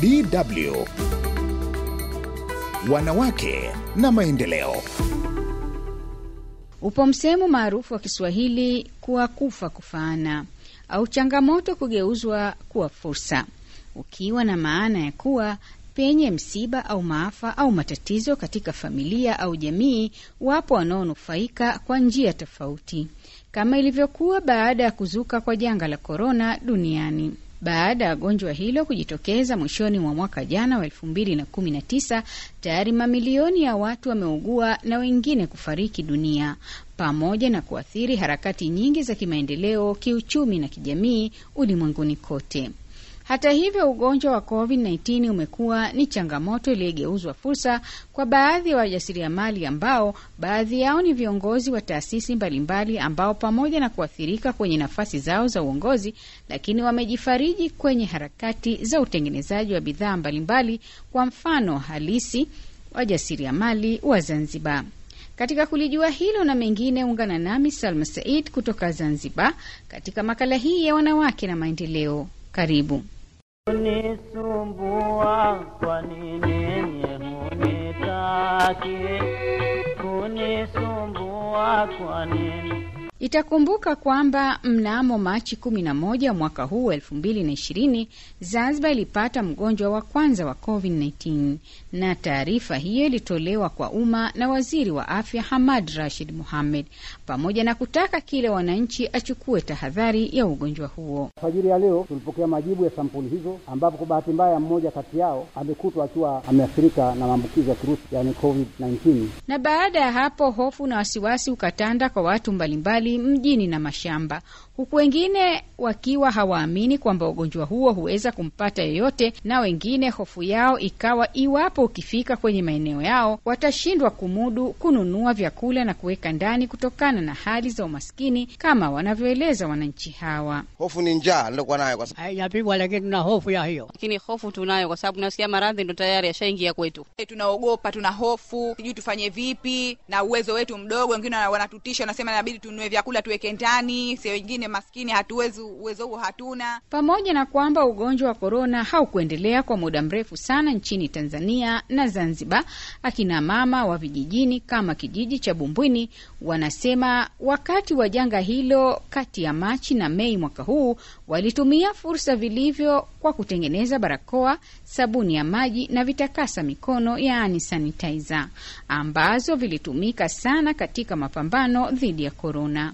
BW. wanawake na maendeleo. Upo msemo maarufu wa Kiswahili kuwa kufa kufaana au changamoto kugeuzwa kuwa fursa, ukiwa na maana ya kuwa penye msiba au maafa au matatizo katika familia au jamii, wapo wanaonufaika kwa njia tofauti, kama ilivyokuwa baada ya kuzuka kwa janga la korona duniani. Baada ya gonjwa hilo kujitokeza mwishoni mwa mwaka jana wa 2019, tayari mamilioni ya watu wameugua na wengine kufariki dunia, pamoja na kuathiri harakati nyingi za kimaendeleo, kiuchumi na kijamii ulimwenguni kote. Hata hivyo, ugonjwa wa COVID-19 umekuwa ni changamoto iliyogeuzwa fursa kwa baadhi ya wajasiriamali ambao baadhi yao ni viongozi wa taasisi mbalimbali ambao pamoja na kuathirika kwenye nafasi zao za uongozi, lakini wamejifariji kwenye harakati za utengenezaji wa bidhaa mbalimbali, kwa mfano halisi wajasiriamali wa Zanzibar. Katika kulijua hilo na mengine, ungana nami Salma Said kutoka Zanzibar katika makala hii ya wanawake na maendeleo. Karibu. Kunisumbua kwa nini hunitaki? Kunisumbua kwa nini? Itakumbuka kwamba mnamo Machi 11 mwaka huu 2020 Zanzibar ilipata mgonjwa wa kwanza wa COVID-19 na taarifa hiyo ilitolewa kwa umma na waziri wa afya Hamad Rashid Mohamed, pamoja na kutaka kila wananchi achukue tahadhari ya ugonjwa huo. fajiri ya leo tulipokea majibu ya sampuli hizo, ambapo kwa bahati mbaya mmoja kati yao amekutwa akiwa ameathirika na maambukizi ya kirusi yani COVID-19. Na baada ya hapo hofu na wasiwasi ukatanda kwa watu mbalimbali mbalimbali mjini na mashamba, huku wengine wakiwa hawaamini kwamba ugonjwa huo huweza kumpata yeyote, na wengine hofu yao ikawa iwapo ukifika kwenye maeneo yao watashindwa kumudu kununua vyakula na kuweka ndani kutokana na hali za umaskini kama wanavyoeleza wananchi hawa. Hofu ni njaa ndokuwa nayo haijapigwa, lakini tuna hofu ya hiyo, lakini hofu tunayo kwa sababu nasikia maradhi ndo tayari yashaingia kwetu. Hey, tunaogopa, tuna hofu, sijui tufanye vipi na uwezo wetu mdogo. Wengine wanatutisha, wanasema inabidi tununue vyakula tuweke ndani, si wengine maskini hatuwezi, uwezo huo hatuna. Pamoja na kwamba ugonjwa wa korona haukuendelea kwa muda mrefu sana nchini Tanzania na Zanzibar, akina mama wa vijijini kama kijiji cha Bumbwini wanasema wakati wa janga hilo kati ya Machi na Mei mwaka huu walitumia fursa vilivyo kwa kutengeneza barakoa, sabuni ya maji na vitakasa mikono, yaani sanitizer, ambazo vilitumika sana katika mapambano dhidi ya korona.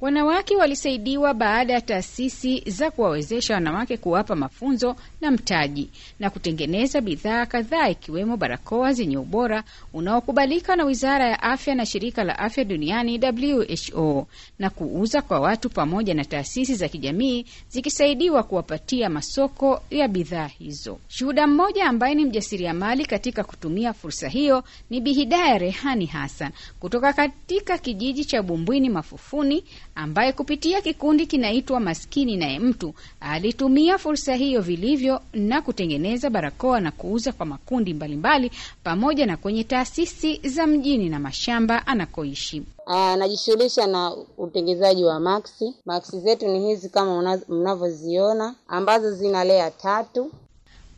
Wanawake walisaidiwa baada ya taasisi za kuwawezesha wanawake kuwapa mafunzo na mtaji na kutengeneza bidhaa kadhaa ikiwemo barakoa zenye ubora unaokubalika na Wizara ya Afya na Shirika la Afya Duniani WHO na kuuza kwa watu pamoja na taasisi za kijamii zikisaidiwa kuwapatia masoko ya bidhaa hizo. Shuhuda mmoja ambaye ni mjasiriamali katika kutumia fursa hiyo ni Bihidaya Rehani Hassan kutoka katika kijiji cha Bumbwini Mafufuni ambaye kupitia kikundi kinaitwa Maskini Naye Mtu alitumia fursa hiyo vilivyo na kutengeneza barakoa na kuuza kwa makundi mbalimbali mbali, pamoja na kwenye taasisi za mjini na mashamba anakoishi. Anajishughulisha ah, na utengenezaji wa maksi. Maksi zetu ni hizi kama mnavyoziona, ambazo zina lea tatu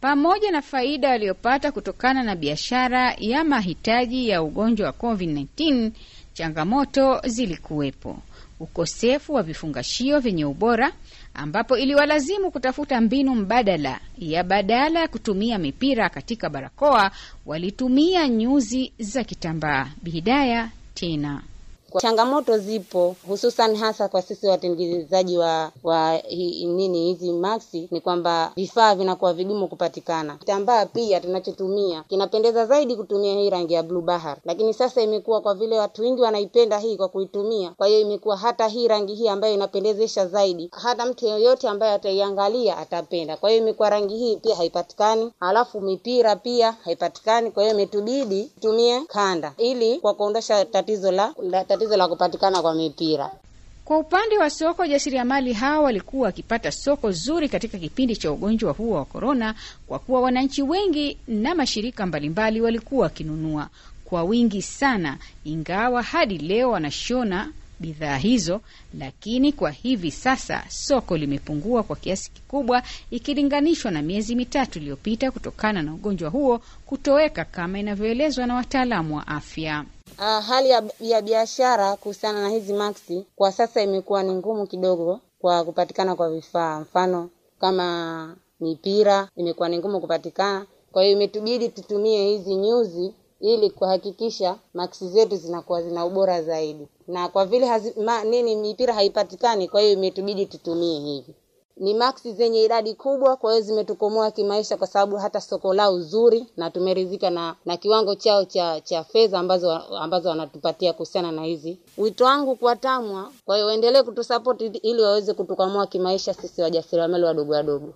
pamoja na faida aliyopata kutokana na biashara ya mahitaji ya ugonjwa wa COVID-19, changamoto zilikuwepo ukosefu wa vifungashio vyenye ubora, ambapo iliwalazimu kutafuta mbinu mbadala ya badala ya kutumia mipira katika barakoa, walitumia nyuzi za kitambaa. Bidaya tena kwa changamoto zipo, hususan hasa kwa sisi watengenezaji wa, wa hi, nini hizi maxi ni kwamba vifaa vinakuwa vigumu kupatikana. Kitambaa pia tunachotumia kinapendeza zaidi kutumia hii rangi ya blue bahar lakini sasa imekuwa kwa vile watu wengi wanaipenda hii kwa kuitumia, kwa hiyo imekuwa hata hii rangi hii ambayo inapendezesha zaidi, hata mtu yoyote ambaye ataiangalia atapenda. Kwa hiyo imekuwa rangi hii pia haipatikani, alafu mipira pia haipatikani, kwa hiyo imetubidi tumie kanda ili kwa kuondosha tatizo la, la tatizo la kupatikana kwa mipira. Kwa upande wa soko, wajasiriamali hawa walikuwa wakipata soko zuri katika kipindi cha ugonjwa huo wa korona, kwa kuwa wananchi wengi na mashirika mbalimbali walikuwa wakinunua kwa wingi sana, ingawa hadi leo wanashona bidhaa hizo, lakini kwa hivi sasa soko limepungua kwa kiasi kikubwa ikilinganishwa na miezi mitatu iliyopita kutokana na ugonjwa huo kutoweka kama inavyoelezwa na wataalamu wa afya. Uh, hali ya, ya biashara kuhusiana na hizi maksi kwa sasa imekuwa ni ngumu kidogo kwa kupatikana kwa vifaa, mfano kama mipira imekuwa ni ngumu kupatikana. Kwa hiyo imetubidi tutumie hizi nyuzi ili kuhakikisha maksi zetu zinakuwa zina ubora zaidi, na kwa vile hazi, ma, nini mipira haipatikani, kwa hiyo imetubidi tutumie hivi ni maxi zenye idadi kubwa, kwa hiyo zimetukomoa kimaisha, kwa sababu hata soko lao zuri na tumeridhika na, na kiwango chao cha cha fedha ambazo ambazo wanatupatia kuhusiana na hizi. Wito wangu kwa TAMWA, kwa hiyo waendelee kutusapoti ili waweze kutukamua kimaisha sisi wajasiriamali wadogo wadogo.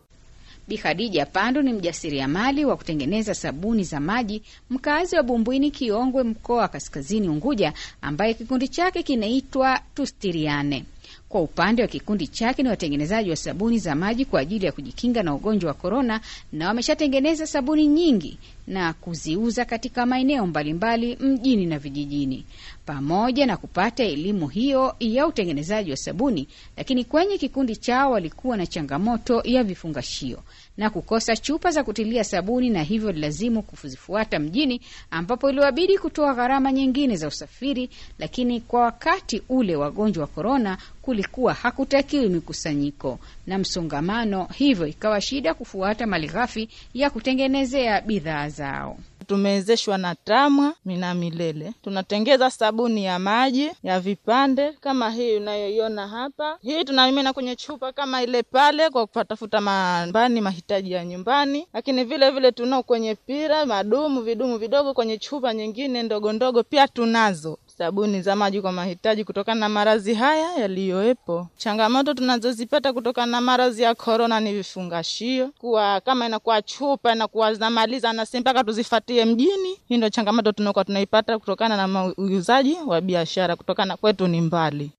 Bi Khadija Pando ni mjasiriamali wa kutengeneza sabuni za maji, mkazi wa Bumbwini Kiongwe, mkoa wa Kaskazini Unguja, ambaye kikundi chake kinaitwa Tustiriane. Kwa upande wa kikundi chake ni watengenezaji wa sabuni za maji kwa ajili ya kujikinga na ugonjwa wa korona, na wameshatengeneza sabuni nyingi na kuziuza katika maeneo mbalimbali mjini na vijijini. Pamoja na kupata elimu hiyo ya utengenezaji wa sabuni, lakini kwenye kikundi chao walikuwa na changamoto ya vifungashio na kukosa chupa za kutilia sabuni, na hivyo lazimu kuzifuata mjini, ambapo iliwabidi kutoa gharama nyingine za usafiri. Lakini kwa wakati ule wagonjwa wa korona, kulikuwa hakutakiwi mikusanyiko na msongamano, hivyo ikawa shida kufuata malighafi ya kutengenezea bidhaa zao. Tumewezeshwa na TAMWA Mina Milele, tunatengeza sabuni ya maji ya vipande kama hii unayoiona hapa. Hii tunamimina kwenye chupa kama ile pale, kwa kutafuta mambani mahitaji ya nyumbani, lakini vile vile tunao kwenye pira madumu, vidumu vidogo kwenye chupa nyingine ndogo ndogo, pia tunazo sabuni za maji kwa mahitaji kutokana na maradhi haya yaliyowepo. Changamoto tunazozipata kutokana na maradhi ya korona ni vifungashio, kuwa kama inakuwa chupa inakuwa zinamaliza anasi mpaka tuzifatie mjini. Hii ndio changamoto tunakuwa tunaipata kutokana na uuzaji wa biashara, kutokana kwetu ni mbali.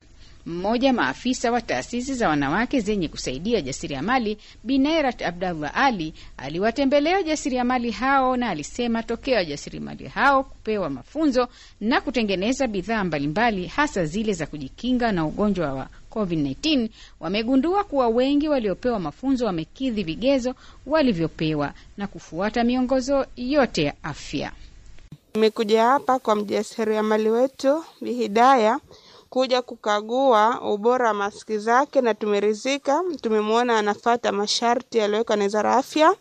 Mmoja maafisa wa taasisi za wanawake zenye kusaidia jasiriamali Binairat Abdallah Ali aliwatembelea jasiriamali hao na alisema tokeo wajasiriamali hao kupewa mafunzo na kutengeneza bidhaa mbalimbali hasa zile za kujikinga na ugonjwa wa COVID-19 wamegundua kuwa wengi waliopewa mafunzo wamekidhi vigezo walivyopewa na kufuata miongozo yote ya afya. imekuja hapa kwa mjasiriamali wetu Bihidaya kuja kukagua ubora wa maski zake, na tumeridhika, tumemwona anafata masharti yaliyowekwa na wizara ya afya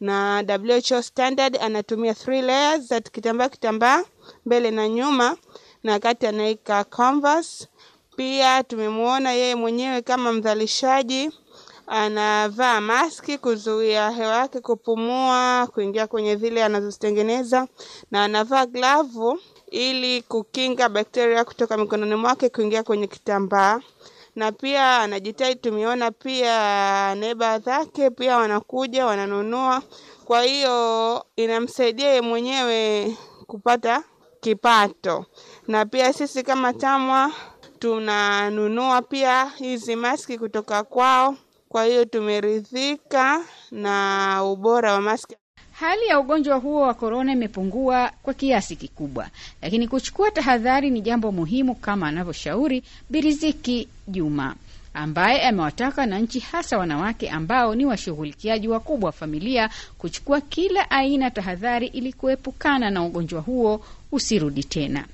na WHO standard. Anatumia three layers za kitambaa kitambaa mbele na nyuma, na wakati anaika canvas. Pia tumemwona yeye mwenyewe kama mdhalishaji anavaa maski kuzuia hewa yake kupumua kuingia kwenye vile anazozitengeneza, na anavaa glavu ili kukinga bakteria kutoka mikononi mwake kuingia kwenye kitambaa na pia anajitahidi. Tumeona pia neba zake pia wanakuja wananunua, kwa hiyo inamsaidia yeye mwenyewe kupata kipato, na pia sisi kama TAMWA tunanunua pia hizi maski kutoka kwao. Kwa hiyo tumeridhika na ubora wa maski. Hali ya ugonjwa huo wa korona imepungua kwa kiasi kikubwa, lakini kuchukua tahadhari ni jambo muhimu, kama anavyoshauri Biriziki Juma ambaye amewataka wananchi hasa wanawake ambao ni washughulikiaji wakubwa wa familia kuchukua kila aina tahadhari ili kuepukana na ugonjwa huo usirudi tena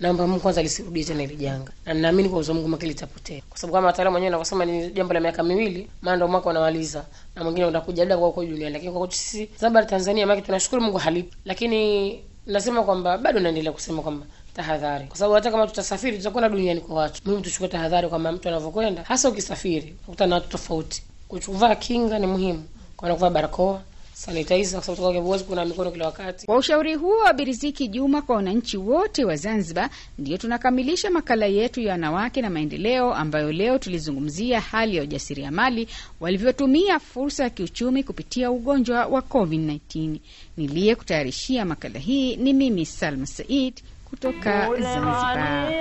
naomba Mungu kwanza lisirudie tena ile janga, na ninaamini kwa uzo Mungu mwake litapotea, kwa sababu kama wataalamu wenyewe wanavyosema ni jambo la miaka miwili, maana ndo mwaka unamaliza na mwingine utakuja labda kwa kwa duniani, lakini kwa kwetu sisi Zanzibar, Tanzania, maana tunashukuru Mungu halipo, lakini nasema kwamba bado naendelea kusema kwamba tahadhari kwa sababu hata kama tutasafiri tutakwenda duniani kwa watu, muhimu tuchukue tahadhari kwamba mtu anavyokwenda, hasa ukisafiri kukutana na watu tofauti. kuchuvaa kinga ni muhimu, kwa kuvaa barakoa sanitizer kwa kuna mikono kila wakati. Kwa ushauri huo wa Biriziki Juma kwa wananchi wote wa Zanzibar, ndiyo tunakamilisha makala yetu ya wanawake na maendeleo, ambayo leo tulizungumzia hali ya ujasiriamali walivyotumia fursa ya kiuchumi kupitia ugonjwa wa COVID-19. Niliye kutayarishia makala hii ni mimi Salma Said kutoka Zanzibar.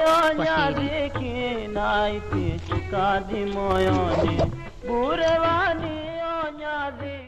Kwa heri.